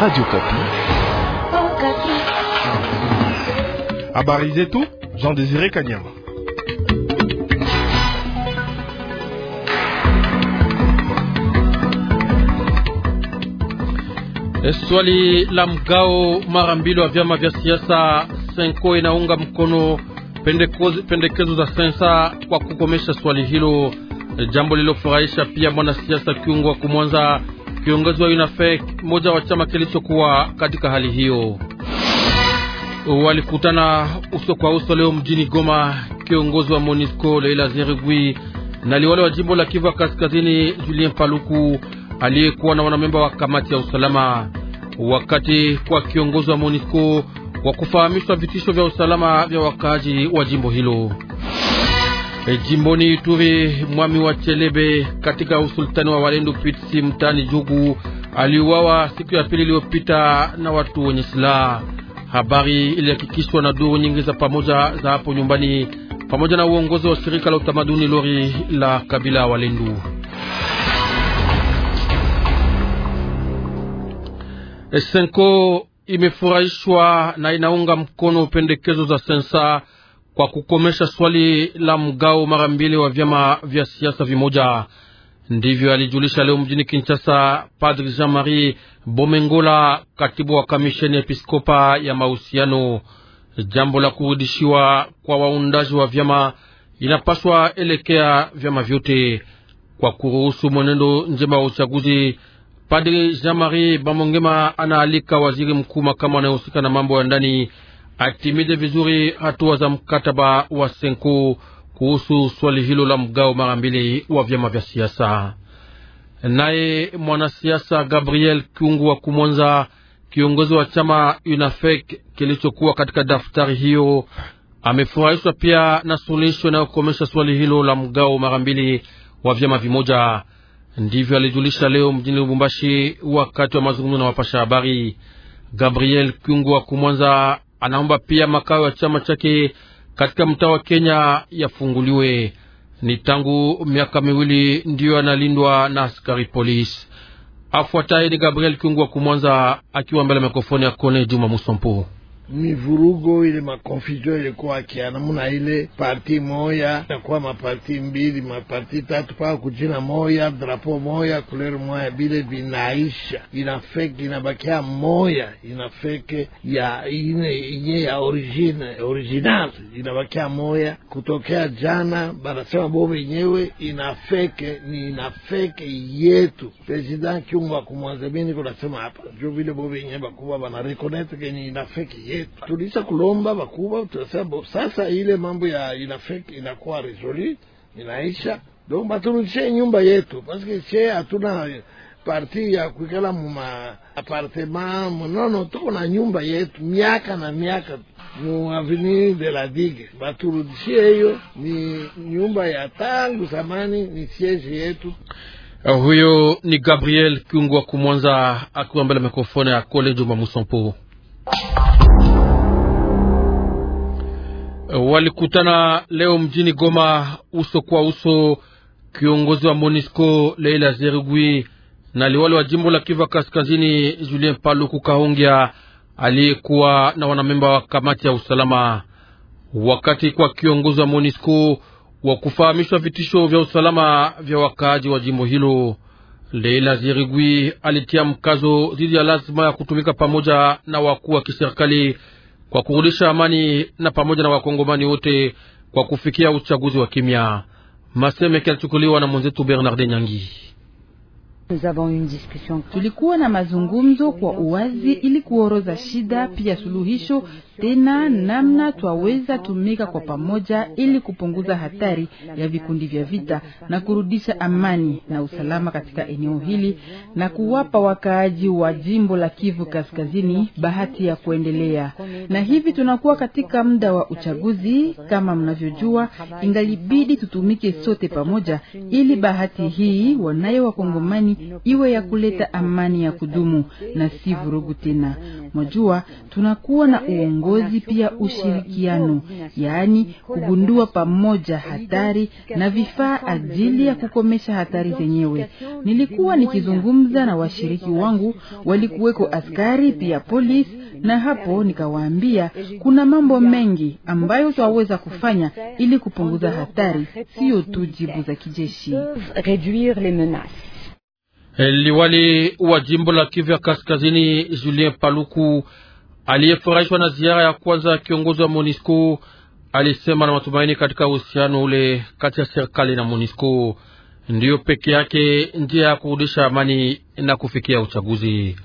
Radio oh, Kapi. Habari zetu, Jean Désiré Kanyama. Swali la mgao mara mbili wa vyama vya siasa Senko inaunga mkono pendekezo za sensa kwa kukomesha swali hilo, jambo lilofurahisha pia mwanasiasa Kiungwa Kumwanza kiongozi wa UNAFEC, mmoja wa chama kilichokuwa katika hali hiyo. Walikutana uso kwa uso leo mjini Goma, kiongozi wa MONUSCO Leila Zerigui na liwali wa jimbo la Kivu Kaskazini Julien Paluku aliyekuwa na wanamemba wa kamati ya usalama. Wakati kwa kiongozi wa MONUSCO wa kufahamishwa vitisho vya usalama vya wakaaji wa jimbo hilo. E, jimboni Ituri, mwami wa Chelebe katika usultani wa Walendu Pitsi mtani Jugu aliuawa siku ya pili iliyopita na watu wenye silaha. Habari ilihakikishwa na duru nyingi za pamoja za hapo nyumbani pamoja na uongozi wa shirika la utamaduni lori la kabila Walendu. E, Senko imefurahishwa na inaunga mkono pendekezo za sensa kwa kukomesha swali la mgao mara mbili wa vyama vya siasa vimoja. Ndivyo alijulisha leo mjini Kinshasa Padre Jean Marie Bomengola, katibu wa kamisheni episkopa ya mahusiano. Jambo la kurudishiwa kwa waundaji wa vyama inapaswa elekea vyama vyote kwa kuruhusu mwenendo njema wa uchaguzi. Padre Jean Marie Bamongema anaalika waziri mkuu, makama anayehusika na mambo ya ndani atimize vizuri hatua za mkataba wa Senko kuhusu swali hilo la mgao mara mbili wa vyama vya siasa. Naye mwanasiasa Gabriel Kiungu wa Kumwanza, kiongozi wa chama UNAFEC kilichokuwa katika daftari hiyo, amefurahishwa pia na suluhisho inayokomesha swali hilo la mgao mara mbili wa vyama vimoja. Ndivyo alijulisha leo mjini Lubumbashi wakati wa mazungumzo na wapasha habari. Gabriel Kiungu wa Kumwanza anaomba pia makao ya chama chake katika mtaa wa Kenya yafunguliwe. Ni tangu miaka miwili ndiyo analindwa na askari polisi. Afuataye ni Gabriel Kiungu wa Kumwanza akiwa mbele ya mikrofoni ya Kone Juma Musompo mivurugo ile makonfusion ilikuwa kia namna ile, parti moya nakuwa maparti mbili maparti tatu paka kujina moya drapo moya kuleru moya, bile vinaisha inafeke inabakia moya inafeke ya ine inye ya origine original inabakia moya kutokea jana, barasema bobe yenyewe inafeke ni inafeke yetu president kiungwa kumwanza bini kunasema hapa juu vile bobe yenyewe bakuwa banarekonete kenye inafeke yetu e, tulisha kulomba wakubwa, tunasema sasa ile mambo ya inafeki inakuwa resoli inaisha, donc baturudishe nyumba yetu, paske che hatuna parti ya kuikala muma apartema mnono, tuko na nyumba yetu miaka na miaka mu avenue de la digue. Baturudishie hiyo, ni nyumba ya tangu zamani, ni siege yetu. Uh, Huyo ni Gabriel Kiungwa Kumwanza akiwa mbele mikrofoni ya Kole Juma Musompo. walikutana leo mjini Goma uso kwa uso kiongozi wa Monisco Leila Zerugui na liwali wa jimbo la Kivu Kaskazini Julien Paluku Kahongya aliyekuwa na wanamemba wa kamati ya usalama. Wakati kwa kiongozi wa Monisco wa kufahamishwa vitisho vya usalama vya wakaaji wa jimbo hilo, Leila Zerugui alitia mkazo dhidi ya lazima ya kutumika pamoja na wakuu wa kiserikali kwa kurudisha amani na pamoja na wakongomani wote kwa kufikia uchaguzi wa kimya. Masemeke alichukuliwa na mwenzetu bernardi Nyangi. Tulikuwa na mazungumzo kwa uwazi ili kuoroza shida pia suluhisho tena namna twaweza tumika kwa pamoja ili kupunguza hatari ya vikundi vya vita na kurudisha amani na usalama katika eneo hili na kuwapa wakaaji wa jimbo la Kivu Kaskazini bahati ya kuendelea. Na hivi tunakuwa katika muda wa uchaguzi, kama mnavyojua, ingalibidi tutumike sote pamoja ili bahati hii wanayo wakongomani iwe ya kuleta amani ya kudumu na si vurugu tena. Mwajua tunakuwa na uongo uongozi pia ushirikiano, yaani kugundua pamoja hatari na vifaa ajili ya kukomesha hatari zenyewe. Nilikuwa nikizungumza na washiriki wangu, walikuweko askari pia polisi, na hapo nikawaambia kuna mambo mengi ambayo twaweza kufanya ili kupunguza hatari, siyo tu jibu za kijeshi. Liwali wa jimbo la Kivu ya Kaskazini Julien Paluku aliyefurahishwa na ziara ya kwanza ya kiongozi wa MONUSCO alisema na matumaini katika uhusiano ule kati ya serikali na MONUSCO ndiyo peke yake njia ya kurudisha amani na kufikia uchaguzi.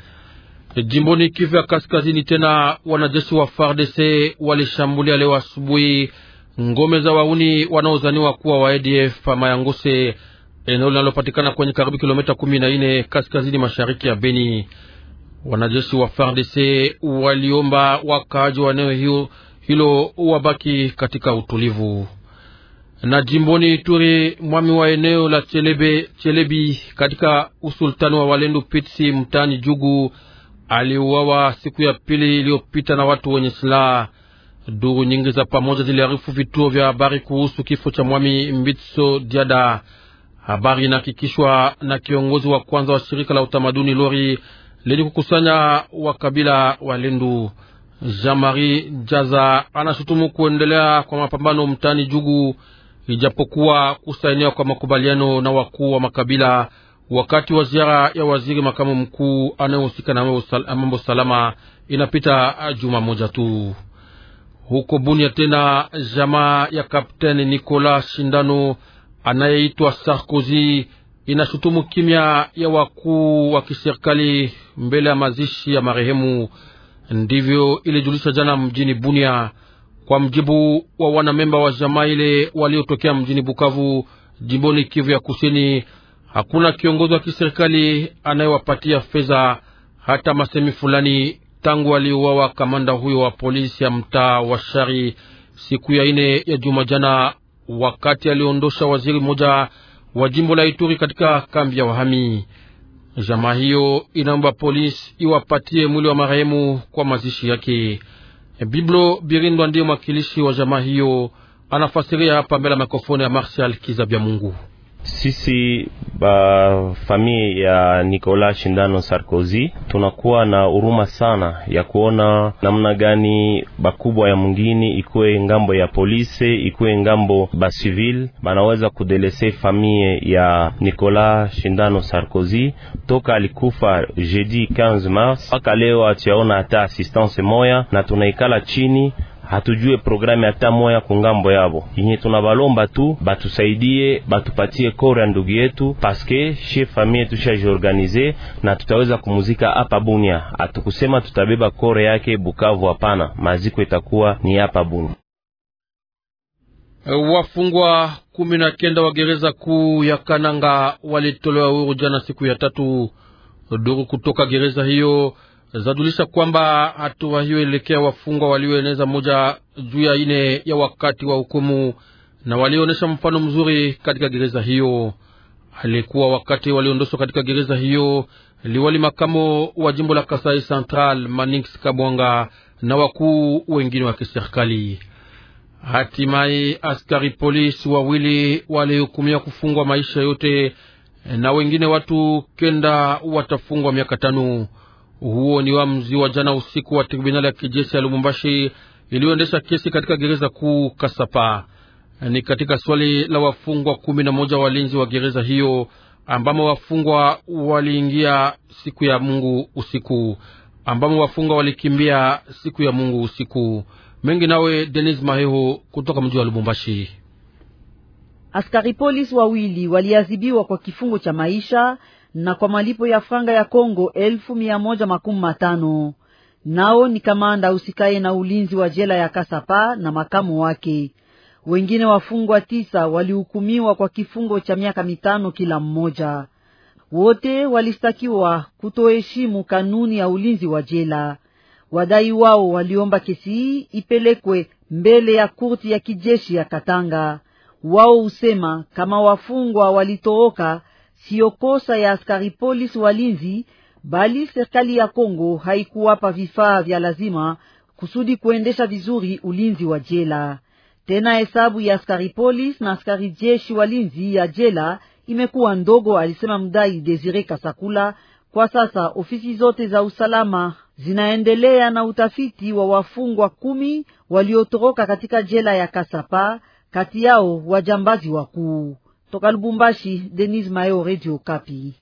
Jimboni Kivu ya Kaskazini, tena wanajeshi wa FARDC walishambulia leo asubuhi ngome za wauni wanaozaniwa kuwa wa ADF Pamayangose, eneo linalopatikana kwenye karibu kilomita kumi na nne kaskazini mashariki ya Beni. Wanajeshi wa FARDC waliomba wakaaji wa eneo hilo, hilo wabaki katika utulivu. Na jimboni Ituri, mwami wa eneo la Chelebe, Chelebi katika usultani wa Walendu Pitsi mtaani Jugu aliuawa siku ya pili iliyopita na watu wenye silaha. Duru nyingi za pamoja ziliarifu vituo vya habari kuhusu kifo cha mwami Mbitso Diada. Habari inahakikishwa na kiongozi wa kwanza wa shirika la utamaduni Lori lenye kukusanya wakabila wa Lendu. Jean-Marie Jaza anashutumu kuendelea kwa mapambano mtani Jugu, ijapokuwa kusainiwa kwa makubaliano na wakuu wa makabila wakati wa ziara ya waziri makamu mkuu anayehusika na mambo salama inapita ah, juma moja tu. Huko Bunia tena, jamaa ya kapteni Nicolas Shindano anayeitwa Sarkozy inashutumu kimya ya wakuu wa kiserikali mbele ya mazishi ya marehemu. Ndivyo ilijulisha jana mjini Bunia, kwa mjibu wa wanamemba wa jamaa ile waliotokea mjini Bukavu, jimboni Kivu ya Kusini. Hakuna kiongozi wa kiserikali anayewapatia fedha hata masemi fulani tangu aliuawa kamanda huyo wa polisi ya mtaa wa Shari siku ya ine ya juma jana, wakati aliondosha waziri mmoja wa jimbo la Ituri katika kambi ya wahami. Jamaa hiyo inaomba polisi iwapatie mwili wa marehemu kwa mazishi yake. Biblo Birindwa ndiye mwakilishi wa jamaa hiyo, anafasiria hapa mbele ya mikrofoni ya Marshal Kizabya Mungu. Sisi ba ya Nicolas Shindano Sarkozy tunakuwa na huruma sana ya kuona namna gani bakubwa ya mungini ikuwe ngambo ya polisi ikuwe ngambo civil banaweza kudelese famille ya Nicolas Shindano Sarkozy toka alikufa jeudi 15 mars mpaka leo atiaona hata assistance moya na tunaikala chini hatujue programu hata moya kungambo yabo. Yenye tunabalomba tu batusaidie, batupatie kore ya ndugu yetu, paske chef famille tushajiorganize na tutaweza kumuzika hapa Bunia. Hatukusema tutabeba kore yake Bukavu, hapana, maziko itakuwa ni hapa Bunia. Eh, wafungwa kumi na kenda wa gereza kuu ya Kananga walitolewa huru jana siku ya tatu. Duru kutoka gereza hiyo zajulisha kwamba hatua hiyo ilielekea wafungwa walioeneza moja juu ya ine ya wakati wa hukumu na walioonyesha mfano mzuri katika gereza hiyo. Alikuwa wakati waliondoshwa katika gereza hiyo liwali makamo wa jimbo la Kasai Central Manix Kabwanga na wakuu wengine wa kiserikali. Hatimaye askari polisi wawili walihukumiwa kufungwa maisha yote na wengine watu kenda watafungwa miaka tano. Huo ni wamzi wa jana usiku wa tribunali ya kijeshi ya Lubumbashi iliyoendesha kesi katika gereza kuu Kasapa. Ni katika swali la wafungwa kumi na moja walinzi wa gereza hiyo ambamo wafungwa waliingia siku ya Mungu usiku, ambamo wafungwa walikimbia siku ya Mungu usiku. Mengi nawe Denis Maheho kutoka mji wa Lubumbashi. Askari polisi wawili waliadhibiwa kwa kifungo cha maisha na kwa malipo ya franga ya Kongo elfu mia moja makumi matano. Nao ni kamanda usikaye na ulinzi wa jela ya Kasapa na makamu wake. Wengine wafungwa tisa walihukumiwa kwa kifungo cha miaka mitano kila mmoja. Wote walistakiwa kutoheshimu kanuni ya ulinzi wa jela. Wadai wao waliomba kesi hii ipelekwe mbele ya kurti ya kijeshi ya Katanga. Wao husema kama wafungwa walitooka siyo kosa ya askari polisi walinzi, bali serikali ya Kongo haikuwapa vifaa vya lazima kusudi kuendesha vizuri ulinzi wa jela. Tena hesabu ya askari polisi na askari jeshi walinzi ya jela imekuwa ndogo, alisema mdai Desire Kasakula. Kwa sasa ofisi zote za usalama zinaendelea na utafiti wa wafungwa kumi waliotoroka katika jela ya Kasapa, kati yao wajambazi wakuu. Toka Lubumbashi, Denise Mayo, Radio Kapi.